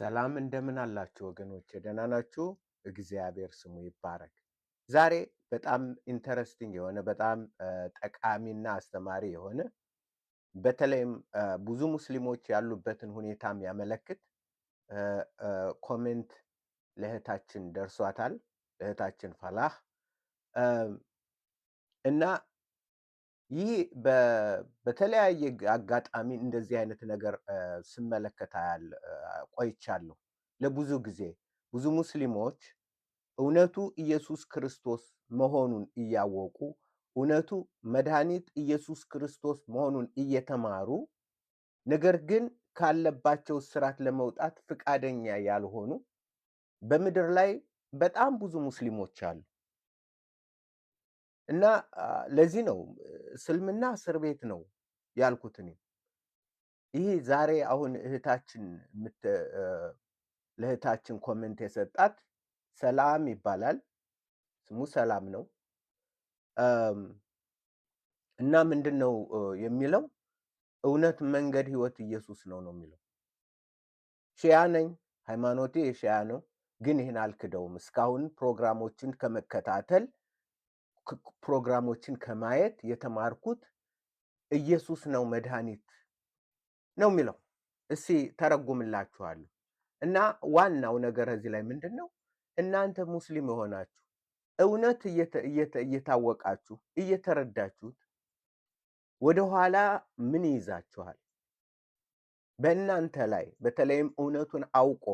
ሰላም እንደምን አላችሁ ወገኖች፣ ደህና ናችሁ? እግዚአብሔር ስሙ ይባረክ። ዛሬ በጣም ኢንተረስቲንግ የሆነ በጣም ጠቃሚና አስተማሪ የሆነ በተለይም ብዙ ሙስሊሞች ያሉበትን ሁኔታ የሚያመለክት ኮሜንት ለእህታችን ደርሷታል፣ እህታችን ፈላህ እና ይህ በተለያየ አጋጣሚ እንደዚህ አይነት ነገር ስመለከት ቆይቻለሁ። ለብዙ ጊዜ ብዙ ሙስሊሞች እውነቱ ኢየሱስ ክርስቶስ መሆኑን እያወቁ እውነቱ መድኃኒት ኢየሱስ ክርስቶስ መሆኑን እየተማሩ ነገር ግን ካለባቸው ስራት ለመውጣት ፍቃደኛ ያልሆኑ በምድር ላይ በጣም ብዙ ሙስሊሞች አሉ። እና ለዚህ ነው እስልምና እስር ቤት ነው ያልኩት። እኔም ይህ ዛሬ አሁን እህታችን ለእህታችን ኮመንት የሰጣት ሰላም ይባላል ስሙ ሰላም ነው እና ምንድን ነው የሚለው እውነት መንገድ ህይወት ኢየሱስ ነው ነው የሚለው ሺያ ነኝ ሃይማኖቴ የሺያ ነው ግን ይህን አልክደውም እስካሁን ፕሮግራሞችን ከመከታተል ፕሮግራሞችን ከማየት የተማርኩት ኢየሱስ ነው መድኃኒት ነው የሚለው። እስኪ ተረጉምላችኋለሁ። እና ዋናው ነገር እዚህ ላይ ምንድን ነው? እናንተ ሙስሊም የሆናችሁ እውነት እየታወቃችሁ እየተረዳችሁት ወደኋላ ምን ይይዛችኋል? በእናንተ ላይ በተለይም እውነቱን አውቆ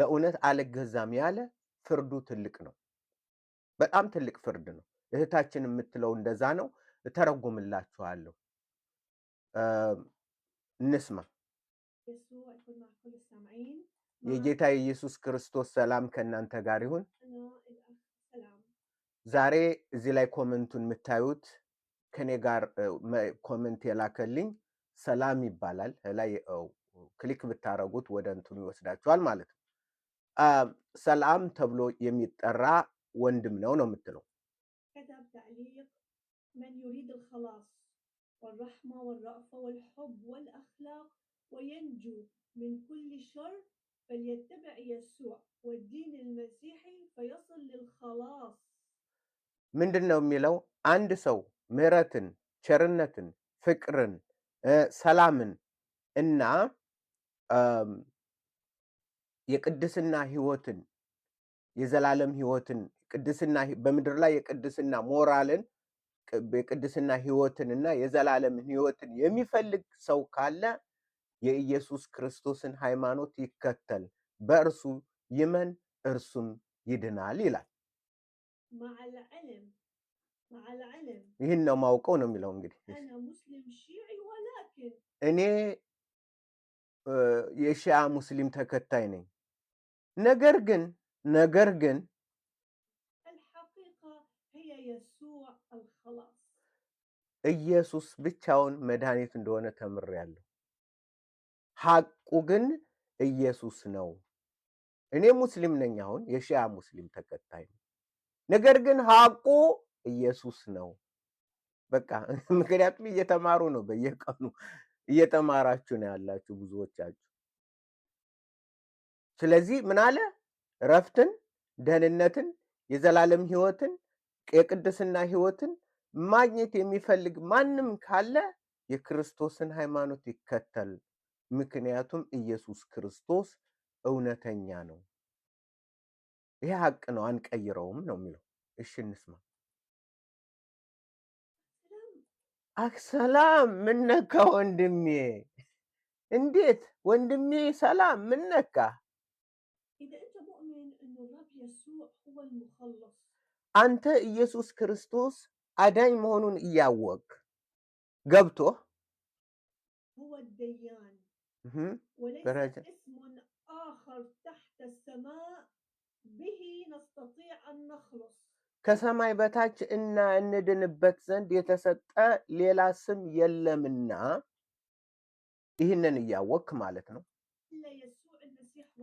ለእውነት አልገዛም ያለ ፍርዱ ትልቅ ነው። በጣም ትልቅ ፍርድ ነው። እህታችን የምትለው እንደዛ ነው። እተረጉምላችኋለሁ፣ እንስማ። የጌታ የኢየሱስ ክርስቶስ ሰላም ከእናንተ ጋር ይሁን። ዛሬ እዚህ ላይ ኮመንቱን የምታዩት ከኔ ጋር ኮመንት የላከልኝ ሰላም ይባላል። ላይ ክሊክ ብታረጉት ወደ እንትኑ ይወስዳችኋል ማለት ነው። ሰላም ተብሎ የሚጠራ ወንድም ነው ነው የምትለው። كتب تعليق من يريد الخلاص والرحمة والرأفة والحب والأخلاق وينجو من كل شر فليتبع يسوع والدين المسيحي فيصل للخلاص ምንድን ነው የሚለው? አንድ ሰው ምህረትን፣ ቸርነትን፣ ፍቅርን፣ ሰላምን እና የቅድስና ህይወትን የዘላለም ህይወትን ቅድስና በምድር ላይ የቅድስና ሞራልን የቅድስና ህይወትን እና የዘላለም ህይወትን የሚፈልግ ሰው ካለ የኢየሱስ ክርስቶስን ሃይማኖት ይከተል፣ በእርሱ ይመን፣ እርሱም ይድናል ይላል። ይህን ነው ማውቀው ነው የሚለው እንግዲህ እኔ የሺያ ሙስሊም ተከታይ ነኝ ነገር ግን ነገር ግን ኢየሱስ ብቻውን መድኃኒት እንደሆነ ተምሬያለሁ። ሐቁ ግን ኢየሱስ ነው። እኔ ሙስሊም ነኝ። አሁን የሺያ ሙስሊም ተከታይ ነው። ነገር ግን ሐቁ ኢየሱስ ነው። በቃ ምክንያቱም እየተማሩ ነው፣ በየቀኑ እየተማራችሁ ነው ያላችሁ ብዙዎቻችሁ። ስለዚህ ምን አለ ረፍትን፣ ደህንነትን፣ የዘላለም ህይወትን፣ የቅድስና ህይወትን ማግኘት የሚፈልግ ማንም ካለ የክርስቶስን ሃይማኖት ይከተል። ምክንያቱም ኢየሱስ ክርስቶስ እውነተኛ ነው። ይሄ ሀቅ ነው፣ አንቀይረውም ነው የሚለው። እሺ እንስማ። ሰላም ምነካ ወንድሜ? እንዴት ወንድሜ፣ ሰላም ምነካ? አንተ ኢየሱስ ክርስቶስ አዳኝ መሆኑን እያወቅ ገብቶ ከሰማይ በታች እና እንድንበት ዘንድ የተሰጠ ሌላ ስም የለምና ይህንን እያወቅ ማለት ነው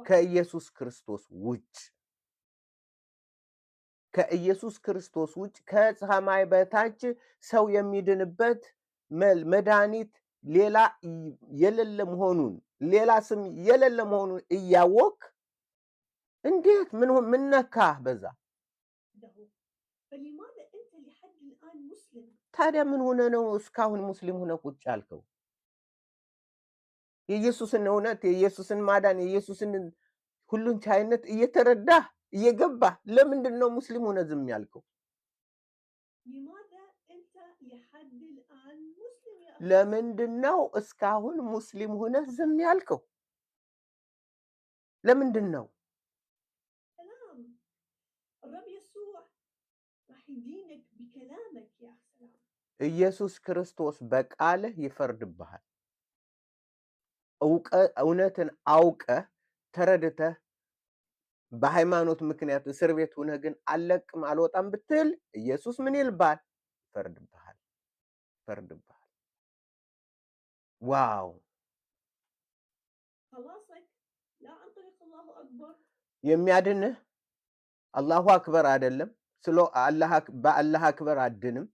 ከኢየሱስ ክርስቶስ ውጭ ከኢየሱስ ክርስቶስ ውጭ ከሰማይ በታች ሰው የሚድንበት መድኃኒት ሌላ የሌለ መሆኑን ሌላ ስም የሌለ መሆኑን እያወቅ እንዴት ምን ምነካ በዛ ታዲያ ምን ሆነ ነው እስካሁን ሙስሊም ሆነ ቁጭ አልከው የኢየሱስን እውነት፣ የኢየሱስን ማዳን፣ የኢየሱስን ሁሉን ቻይነት እየተረዳህ እየገባ ለምንድን ነው ሙስሊም ሆነ ዝም ያልከው? ለምንድን ነው እስካሁን ሙስሊም ሆነ ዝም ያልከው? ለምንድን ነው ኢየሱስ ክርስቶስ በቃልህ ይፈርድብሃል። እውነትን አውቀህ ተረድተህ በሃይማኖት ምክንያት እስር ቤት ሁነህ ግን አለቅም አልወጣም ብትል ኢየሱስ ምን ይልባል? ይፈርድብሃል፣ ይፈርድብሃል። ዋው የሚያድንህ አላሁ አክበር አይደለም። ስለ በአላህ አክበር አድንም፣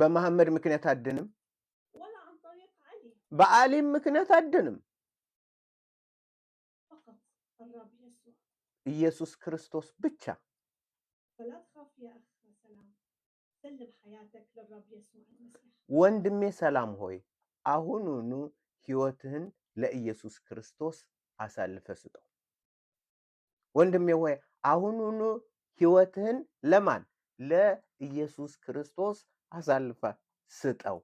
በመሐመድ ምክንያት አድንም፣ በአሊም ምክንያት አድንም። ኢየሱስ ክርስቶስ ብቻ። ወንድሜ ሰላም ሆይ አሁኑኑ ሕይወትህን ለኢየሱስ ክርስቶስ አሳልፈ ስጠው። ወንድሜ ሆይ አሁኑኑ ሕይወትህን ለማን? ለኢየሱስ ክርስቶስ አሳልፈ ስጠው።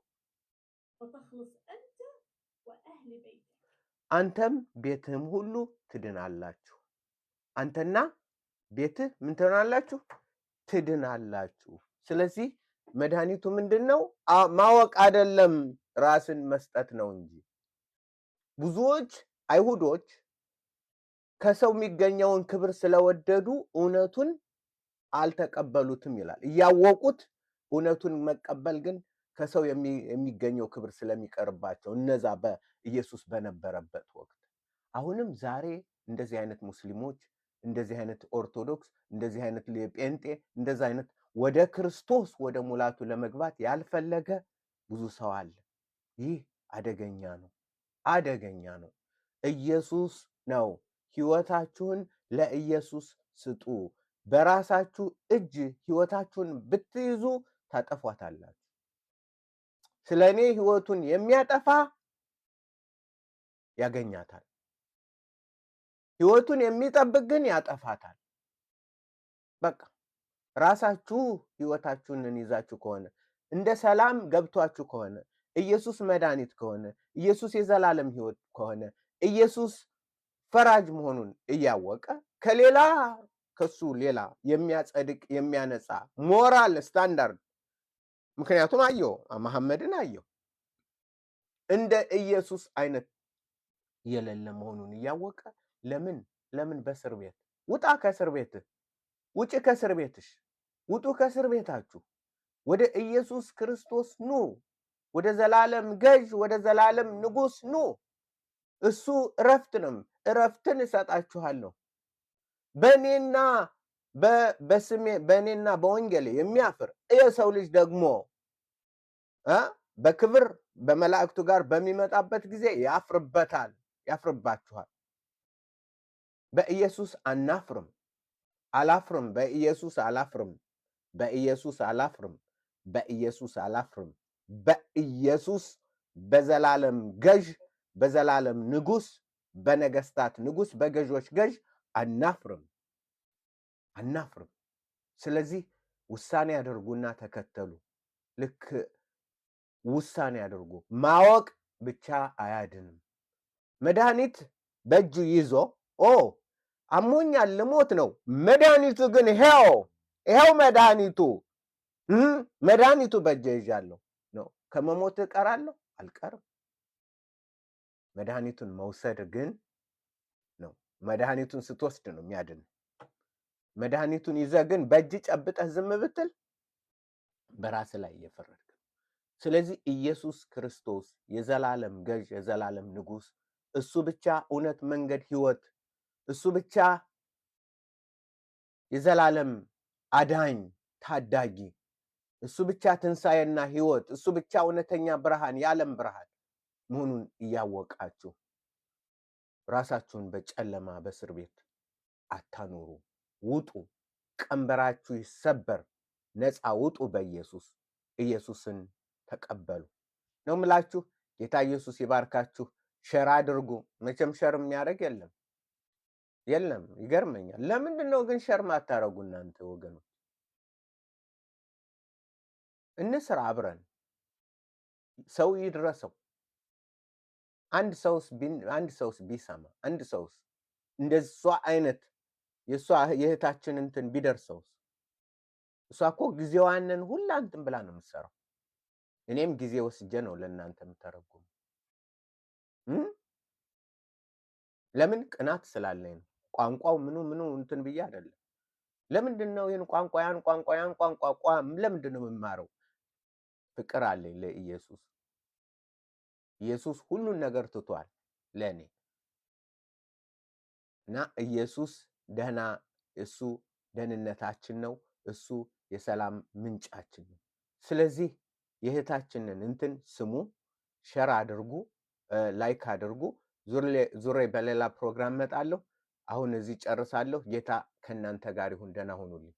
አንተም ቤትህም ሁሉ ትድናላችሁ። አንተና ቤትህ ምን ትሆናላችሁ? ትድናላችሁ። ስለዚህ መድኃኒቱ ምንድን ነው? ማወቅ አይደለም ራስን መስጠት ነው እንጂ ብዙዎች አይሁዶች ከሰው የሚገኘውን ክብር ስለወደዱ እውነቱን አልተቀበሉትም ይላል። እያወቁት እውነቱን መቀበል ግን ከሰው የሚገኘው ክብር ስለሚቀርባቸው እነዛ በኢየሱስ በነበረበት ወቅት አሁንም ዛሬ እንደዚህ አይነት ሙስሊሞች እንደዚህ አይነት ኦርቶዶክስ፣ እንደዚህ አይነት ጴንጤ፣ እንደዚህ አይነት ወደ ክርስቶስ ወደ ሙላቱ ለመግባት ያልፈለገ ብዙ ሰው አለ። ይህ አደገኛ ነው፣ አደገኛ ነው። ኢየሱስ ነው። ህይወታችሁን ለኢየሱስ ስጡ። በራሳችሁ እጅ ህይወታችሁን ብትይዙ ታጠፏታላችሁ። ስለ እኔ ህይወቱን የሚያጠፋ ያገኛታል። ህይወቱን የሚጠብቅ ግን ያጠፋታል። በቃ ራሳችሁ ህይወታችሁን ይዛችሁ ከሆነ እንደ ሰላም ገብቷችሁ ከሆነ ኢየሱስ መድኃኒት ከሆነ ኢየሱስ የዘላለም ህይወት ከሆነ ኢየሱስ ፈራጅ መሆኑን እያወቀ ከሌላ ከሱ ሌላ የሚያጸድቅ የሚያነጻ ሞራል ስታንዳርድ ምክንያቱም አየው መሐመድን አየው እንደ ኢየሱስ አይነት የሌለ መሆኑን እያወቀ ለምን ለምን በእስር ቤት ውጣ፣ ከእስር ቤት ውጭ፣ ከእስር ቤትሽ ውጡ፣ ከእስር ቤታችሁ ወደ ኢየሱስ ክርስቶስ ኑ፣ ወደ ዘላለም ገዥ፣ ወደ ዘላለም ንጉስ ኑ። እሱ እረፍት ነው። እረፍትን እሰጣችኋለሁ በእኔና በስሜ በእኔና በወንጌሌ የሚያፍር የሰው ልጅ ደግሞ በክብር በመላእክቱ ጋር በሚመጣበት ጊዜ ያፍርበታል፣ ያፍርባችኋል። በኢየሱስ አናፍርም አላፍርም በኢየሱስ አላፍርም በኢየሱስ አላፍርም በኢየሱስ አላፍርም በኢየሱስ በዘላለም ገዥ በዘላለም ንጉስ በነገስታት ንጉስ በገዦች ገዥ አናፍርም አናፍርም ስለዚህ ውሳኔ አድርጉና ተከተሉ ልክ ውሳኔ አድርጉ ማወቅ ብቻ አያድንም መድኃኒት በእጁ ይዞ ኦ አሞኛል ልሞት ነው። መድኃኒቱ ግን ሄው ይኸው መድኃኒቱ መድኃኒቱ በእጄ ይዣለሁ ነው። ከመሞት እቀራለሁ አልቀርም። መድኃኒቱን መውሰድ ግን ነው። መድኃኒቱን ስትወስድ ነው የሚያድን። መድኃኒቱን ይዘህ ግን በእጅ ጨብጠህ ዝም ብትል በራስ ላይ እየፈረድክ ስለዚህ ኢየሱስ ክርስቶስ የዘላለም ገዥ የዘላለም ንጉሥ፣ እሱ ብቻ እውነት፣ መንገድ፣ ህይወት እሱ ብቻ የዘላለም አዳኝ ታዳጊ፣ እሱ ብቻ ትንሣኤና ሕይወት፣ እሱ ብቻ እውነተኛ ብርሃን፣ የዓለም ብርሃን መሆኑን እያወቃችሁ ራሳችሁን በጨለማ በእስር ቤት አታኑሩ። ውጡ፣ ቀንበራችሁ ይሰበር፣ ነፃ ውጡ። በኢየሱስ ኢየሱስን ተቀበሉ ነው ምላችሁ። ጌታ ኢየሱስ ይባርካችሁ። ሸር አድርጉ። መቼም ሸር የሚያደርግ የለም። የለም ይገርመኛል። ለምንድን ነው ግን ሸር ማታረጉ እናንተ ወገኖች? እንስራ አብረን፣ ሰው ይድረሰው። አንድ ሰውስ አንድ ሰውስ ቢሰማ አንድ ሰውስ እንደሷ አይነት የእሷ የእህታችን እንትን ቢደርሰውስ? እሷ እኮ ጊዜዋንን ሁላ እንትን ብላ ነው የምትሰራው። እኔም ጊዜ ወስጄ ነው ለእናንተ የምተረጉሙ። ለምን? ቅናት ስላለኝ ነው። ቋንቋው ምኑ ምኑ እንትን ብዬ አይደለም። ለምንድን ነው ይህን ቋንቋ ያን ቋንቋ ያን ቋንቋ ቋ ለምንድን ነው የምማረው? ፍቅር አለኝ ለኢየሱስ። ኢየሱስ ሁሉን ነገር ትቷል ለእኔ እና ኢየሱስ ደህና እሱ ደህንነታችን ነው። እሱ የሰላም ምንጫችን ነው። ስለዚህ የእህታችንን እንትን ስሙ፣ ሸር አድርጉ፣ ላይክ አድርጉ። ዙሬ በሌላ ፕሮግራም መጣለሁ። አሁን እዚህ ጨርሳለሁ። ጌታ ከእናንተ ጋር ይሁን። ደህና ሁኑልኝ።